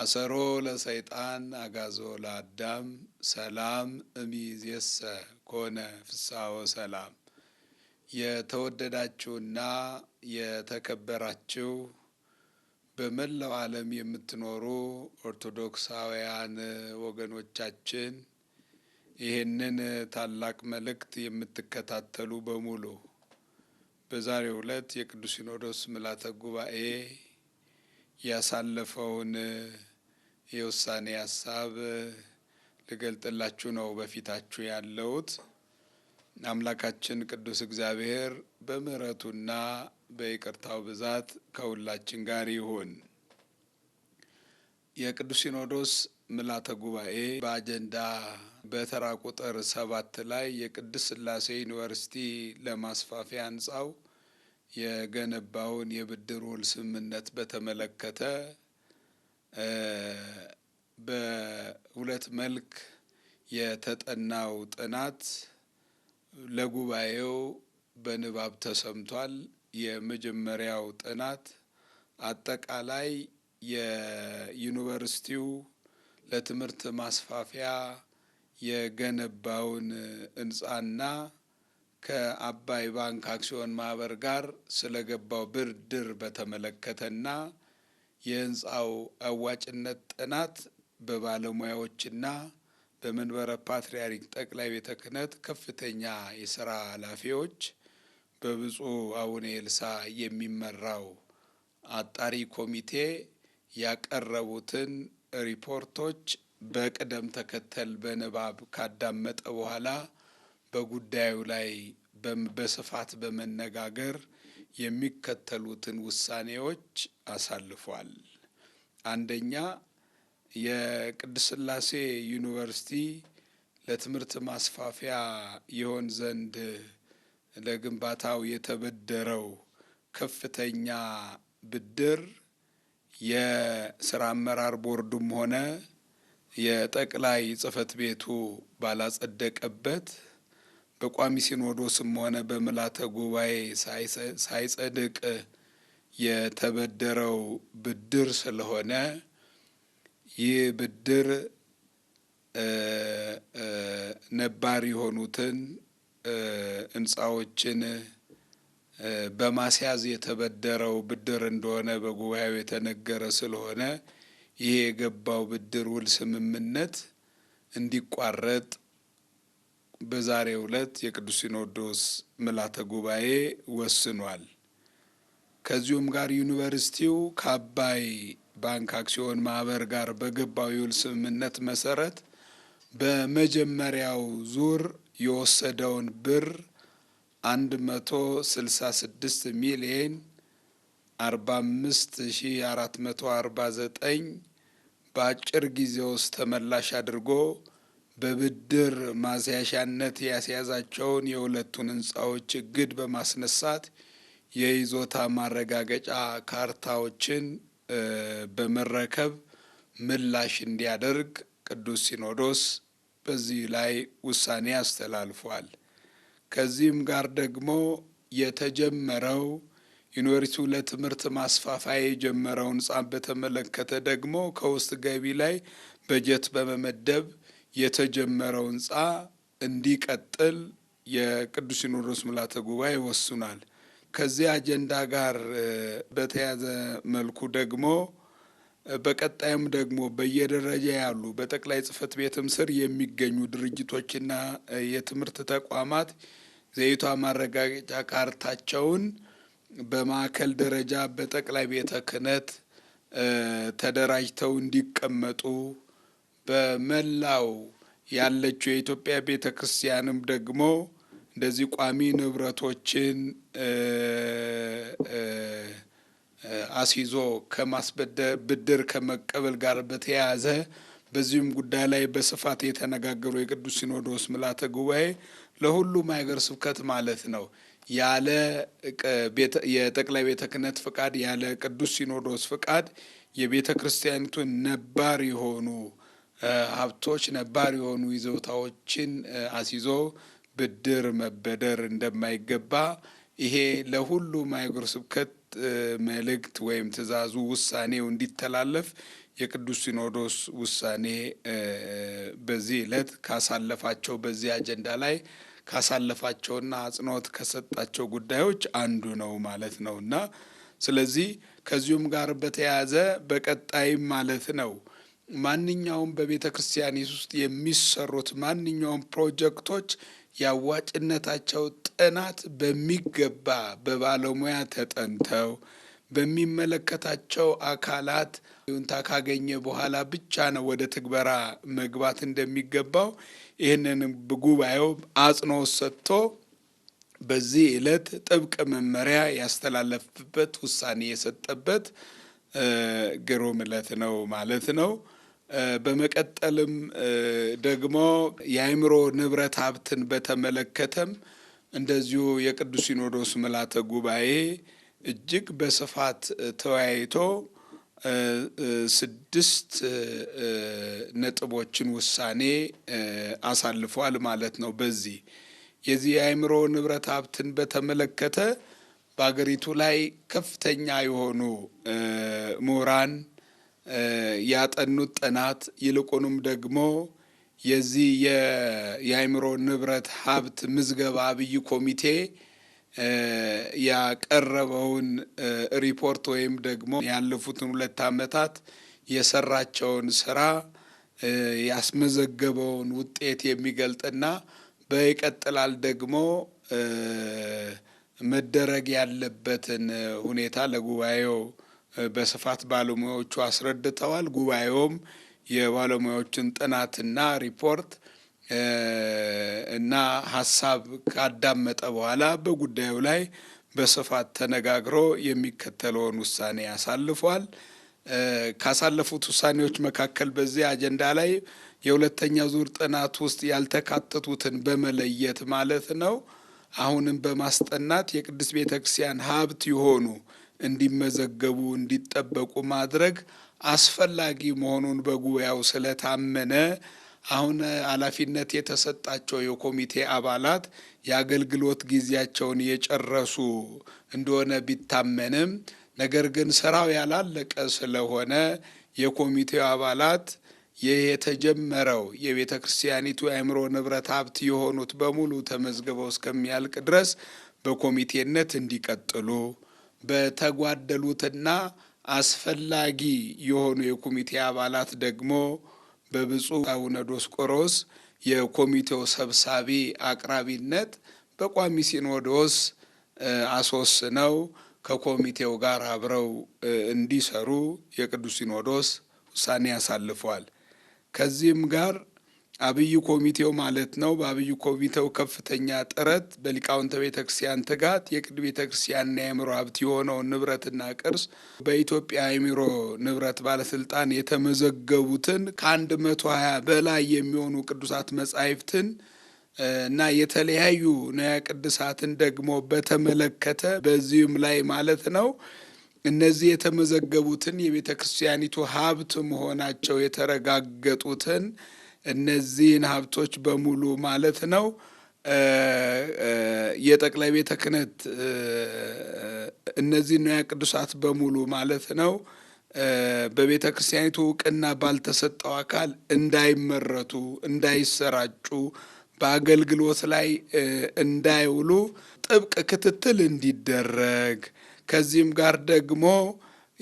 አሰሮ ለሰይጣን አጋዞ ለአዳም ሰላም እሚዜሰ ኮነ ፍሳሆ ሰላም። የተወደዳችሁና የተከበራችሁ በመላው ዓለም የምትኖሩ ኦርቶዶክሳውያን ወገኖቻችን ይህንን ታላቅ መልእክት የምትከታተሉ በሙሉ በዛሬው ዕለት የቅዱስ ሲኖዶስ ምልዓተ ጉባኤ ያሳለፈውን የውሳኔ ሀሳብ ልገልጥላችሁ ነው በፊታችሁ ያለሁት። አምላካችን ቅዱስ እግዚአብሔር በምሕረቱና በይቅርታው ብዛት ከሁላችን ጋር ይሁን። የቅዱስ ሲኖዶስ ምልዓተ ጉባኤ በአጀንዳ በተራ ቁጥር ሰባት ላይ የቅድስት ሥላሴ ዩኒቨርሲቲ ለማስፋፊያ ህንፃው። የገነባውን የብድር ውል ስምምነት በተመለከተ በሁለት መልክ የተጠናው ጥናት ለጉባኤው በንባብ ተሰምቷል። የመጀመሪያው ጥናት አጠቃላይ የዩኒቨርሲቲው ለትምህርት ማስፋፊያ የገነባውን ህንፃና። ከአባይ ባንክ አክሲዮን ማህበር ጋር ስለገባው ብድር በተመለከተና የህንፃው አዋጭነት ጥናት በባለሙያዎችና በመንበረ ፓትርያርክ ጠቅላይ ቤተ ክህነት ከፍተኛ የስራ ኃላፊዎች በብፁዕ አቡነ ኤልሳ የሚመራው አጣሪ ኮሚቴ ያቀረቡትን ሪፖርቶች በቅደም ተከተል በንባብ ካዳመጠ በኋላ በጉዳዩ ላይ በስፋት በመነጋገር የሚከተሉትን ውሳኔዎች አሳልፏል። አንደኛ የቅድስት ሥላሴ ዩኒቨርሲቲ ለትምህርት ማስፋፊያ ይሆን ዘንድ ለግንባታው የተበደረው ከፍተኛ ብድር የስራ አመራር ቦርዱም ሆነ የጠቅላይ ጽህፈት ቤቱ ባላጸደቀበት በቋሚ ሲኖዶስም ሆነ በምልዓተ ጉባኤ ሳይጸድቅ የተበደረው ብድር ስለሆነ ይህ ብድር ነባር የሆኑትን ሕንፃዎችን በማስያዝ የተበደረው ብድር እንደሆነ በጉባኤው የተነገረ ስለሆነ ይሄ የገባው ብድር ውል ስምምነት እንዲቋረጥ በዛሬ ዕለት የቅዱስ ሲኖዶስ ምልዓተ ጉባኤ ወስኗል። ከዚሁም ጋር ዩኒቨርሲቲው ከአባይ ባንክ አክሲዮን ማህበር ጋር በገባው የውል ስምምነት መሰረት በመጀመሪያው ዙር የወሰደውን ብር አንድ መቶ ስልሳ ስድስት ሚሊየን አርባ አምስት ሺ አራት መቶ አርባ ዘጠኝ በአጭር ጊዜ ውስጥ ተመላሽ አድርጎ በብድር ማስያሻነት ያስያዛቸውን የሁለቱን ህንፃዎች እግድ በማስነሳት የይዞታ ማረጋገጫ ካርታዎችን በመረከብ ምላሽ እንዲያደርግ ቅዱስ ሲኖዶስ በዚህ ላይ ውሳኔ አስተላልፏል። ከዚህም ጋር ደግሞ የተጀመረው ዩኒቨርሲቲው ለትምህርት ማስፋፋያ የጀመረውን ሕንፃን በተመለከተ ደግሞ ከውስጥ ገቢ ላይ በጀት በመመደብ የተጀመረው ህንፃ እንዲቀጥል የቅዱስ ሲኖዶስ ምልዓተ ጉባኤ ይወስናል። ከዚህ አጀንዳ ጋር በተያዘ መልኩ ደግሞ በቀጣይም ደግሞ በየደረጃ ያሉ በጠቅላይ ጽፈት ቤትም ስር የሚገኙ ድርጅቶችና የትምህርት ተቋማት ዘይቷ ማረጋገጫ ካርታቸውን በማዕከል ደረጃ በጠቅላይ ቤተ ክህነት ተደራጅተው እንዲቀመጡ በመላው ያለችው የኢትዮጵያ ቤተ ክርስቲያንም ደግሞ እንደዚህ ቋሚ ንብረቶችን አስይዞ ብድር ከመቀበል ጋር በተያያዘ በዚህም ጉዳይ ላይ በስፋት የተነጋገሩ የቅዱስ ሲኖዶስ ምልዓተ ጉባኤ ለሁሉም ሀገረ ስብከት ማለት ነው ያለ የጠቅላይ ቤተ ክህነት ፍቃድ ያለ ቅዱስ ሲኖዶስ ፍቃድ የቤተ ክርስቲያኒቱን ነባር የሆኑ ሀብቶች ነባር የሆኑ ይዞታዎችን አስይዞ ብድር መበደር እንደማይገባ ይሄ ለሁሉ ሀገረ ስብከት መልእክት ወይም ትእዛዙ ውሳኔው እንዲተላለፍ የቅዱስ ሲኖዶስ ውሳኔ በዚህ ዕለት ካሳለፋቸው በዚህ አጀንዳ ላይ ካሳለፋቸውና አጽንኦት ከሰጣቸው ጉዳዮች አንዱ ነው ማለት ነው እና ስለዚህ ከዚሁም ጋር በተያያዘ በቀጣይም ማለት ነው ማንኛውም በቤተ ክርስቲያኒት ውስጥ የሚሰሩት ማንኛውም ፕሮጀክቶች የአዋጭነታቸው ጥናት በሚገባ በባለሙያ ተጠንተው በሚመለከታቸው አካላት ይሁንታ ካገኘ በኋላ ብቻ ነው ወደ ትግበራ መግባት እንደሚገባው ይህንን ጉባኤው አጽንኦት ሰጥቶ በዚህ ዕለት ጥብቅ መመሪያ ያስተላለፍበት ውሳኔ የሰጠበት ግሩም ዕለት ነው ማለት ነው። በመቀጠልም ደግሞ የአእምሮ ንብረት ሀብትን በተመለከተም እንደዚሁ የቅዱስ ሲኖዶስ ምልዓተ ጉባኤ እጅግ በስፋት ተወያይቶ ስድስት ነጥቦችን ውሳኔ አሳልፏል ማለት ነው። በዚህ የዚህ የአእምሮ ንብረት ሀብትን በተመለከተ በአገሪቱ ላይ ከፍተኛ የሆኑ ምሁራን ያጠኑት ጥናት ይልቁንም ደግሞ የዚህ የአእምሮ ንብረት ሀብት ምዝገባ አብይ ኮሚቴ ያቀረበውን ሪፖርት ወይም ደግሞ ያለፉትን ሁለት ዓመታት የሰራቸውን ስራ ያስመዘገበውን ውጤት የሚገልጥና በይቀጥላል ደግሞ መደረግ ያለበትን ሁኔታ ለጉባኤው በስፋት ባለሙያዎቹ አስረድተዋል። ጉባኤውም የባለሙያዎችን ጥናትና ሪፖርት እና ሀሳብ ካዳመጠ በኋላ በጉዳዩ ላይ በስፋት ተነጋግሮ የሚከተለውን ውሳኔ ያሳልፏል። ካሳለፉት ውሳኔዎች መካከል በዚህ አጀንዳ ላይ የሁለተኛ ዙር ጥናት ውስጥ ያልተካተቱትን በመለየት ማለት ነው አሁንም በማስጠናት የቅድስት ቤተ ክርስቲያን ሀብት የሆኑ እንዲመዘገቡ እንዲጠበቁ ማድረግ አስፈላጊ መሆኑን በጉባኤው ስለታመነ አሁን ኃላፊነት የተሰጣቸው የኮሚቴ አባላት የአገልግሎት ጊዜያቸውን የጨረሱ እንደሆነ ቢታመንም ነገር ግን ስራው ያላለቀ ስለሆነ የኮሚቴው አባላት የተጀመረው የቤተ ክርስቲያኒቱ የአእምሮ ንብረት ሀብት የሆኑት በሙሉ ተመዝግበው እስከሚያልቅ ድረስ በኮሚቴነት እንዲቀጥሉ በተጓደሉትና አስፈላጊ የሆኑ የኮሚቴ አባላት ደግሞ በብፁዕ አቡነ ዲዮስቆሮስ የኮሚቴው ሰብሳቢ አቅራቢነት በቋሚ ሲኖዶስ አስወስነው ከኮሚቴው ጋር አብረው እንዲሰሩ የቅዱስ ሲኖዶስ ውሳኔ ያሳልፈዋል። ከዚህም ጋር አብዩ ኮሚቴው ማለት ነው። በአብዩ ኮሚቴው ከፍተኛ ጥረት በሊቃውንተ ቤተክርስቲያን ትጋት የቅድ ቤተ የአእምሮ ሀብት የሆነውን ንብረትና ቅርስ በኢትዮጵያ አእምሮ ንብረት ባለስልጣን የተመዘገቡትን ከአንድ መቶ ሀያ በላይ የሚሆኑ ቅዱሳት መጻሕፍትን እና የተለያዩ ንዋየ ቅድሳትን ደግሞ በተመለከተ በዚህም ላይ ማለት ነው እነዚህ የተመዘገቡትን የቤተ ክርስቲያኒቱ ሀብት መሆናቸው የተረጋገጡትን እነዚህን ሀብቶች በሙሉ ማለት ነው የጠቅላይ ቤተ ክህነት እነዚህ ንዋየ ቅዱሳት በሙሉ ማለት ነው በቤተ ክርስቲያኒቱ እውቅና ባልተሰጠው አካል እንዳይመረቱ፣ እንዳይሰራጩ፣ በአገልግሎት ላይ እንዳይውሉ ጥብቅ ክትትል እንዲደረግ ከዚህም ጋር ደግሞ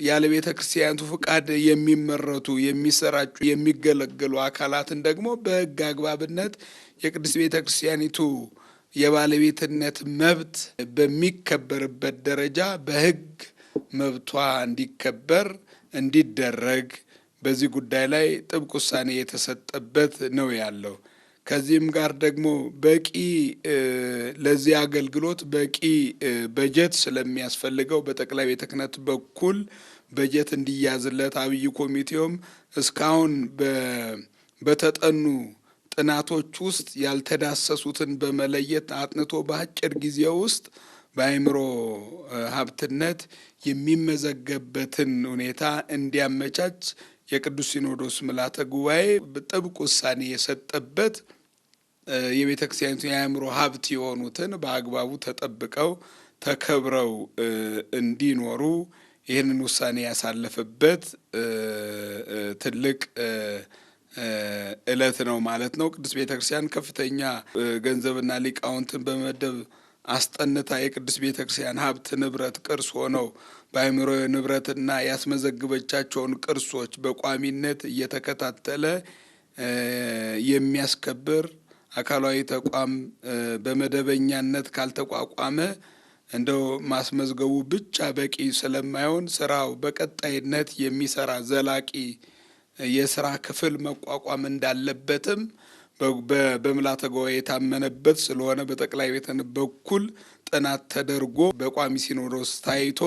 ያለ ቤተ ክርስቲያኒቱ ፍቃድ የሚመረቱ የሚሰራጩ፣ የሚገለገሉ አካላትን ደግሞ በህግ አግባብነት የቅድስት ቤተ ክርስቲያኒቱ የባለቤትነት መብት በሚከበርበት ደረጃ በህግ መብቷ እንዲከበር እንዲደረግ በዚህ ጉዳይ ላይ ጥብቅ ውሳኔ የተሰጠበት ነው ያለው። ከዚህም ጋር ደግሞ በቂ ለዚህ አገልግሎት በቂ በጀት ስለሚያስፈልገው በጠቅላይ ቤተ ክህነት በኩል በጀት እንዲያዝለት አብይ ኮሚቴውም እስካሁን በተጠኑ ጥናቶች ውስጥ ያልተዳሰሱትን በመለየት አጥንቶ በአጭር ጊዜ ውስጥ በአእምሮ ሀብትነት የሚመዘገብበትን ሁኔታ እንዲያመቻች የቅዱስ ሲኖዶስ ምልዓተ ጉባኤ ጥብቅ ውሳኔ የሰጠበት የቤተ ክርስቲያኒቱ የአእምሮ ሀብት የሆኑትን በአግባቡ ተጠብቀው ተከብረው እንዲኖሩ ይህንን ውሳኔ ያሳለፈበት ትልቅ እለት ነው ማለት ነው። ቅዱስ ቤተ ክርስቲያን ከፍተኛ ገንዘብና ሊቃውንትን በመደብ አስጠንታ የቅዱስ ቤተ ክርስቲያን ሀብት ንብረት ቅርስ ሆነው በአእምሮ ንብረትና ያስመዘግበቻቸውን ቅርሶች በቋሚነት እየተከታተለ የሚያስከብር አካላዊ ተቋም በመደበኛነት ካልተቋቋመ እንደው ማስመዝገቡ ብቻ በቂ ስለማይሆን ስራው በቀጣይነት የሚሰራ ዘላቂ የስራ ክፍል መቋቋም እንዳለበትም በምልዓተ ጉባኤ የታመነበት ስለሆነ በጠቅላይ ቤተን በኩል ጥናት ተደርጎ በቋሚ ሲኖዶስ ታይቶ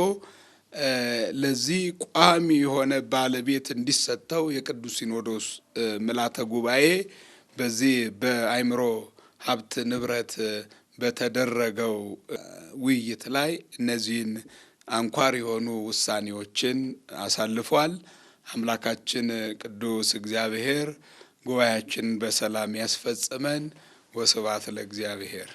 ለዚህ ቋሚ የሆነ ባለቤት እንዲሰጠው የቅዱስ ሲኖዶስ ምላተ ጉባኤ በዚህ በአእምሮ ሀብት ንብረት በተደረገው ውይይት ላይ እነዚህን አንኳር የሆኑ ውሳኔዎችን አሳልፏል። አምላካችን ቅዱስ እግዚአብሔር ጉባኤያችንን በሰላም ያስፈጽመን። ወስብሐት ለእግዚአብሔር።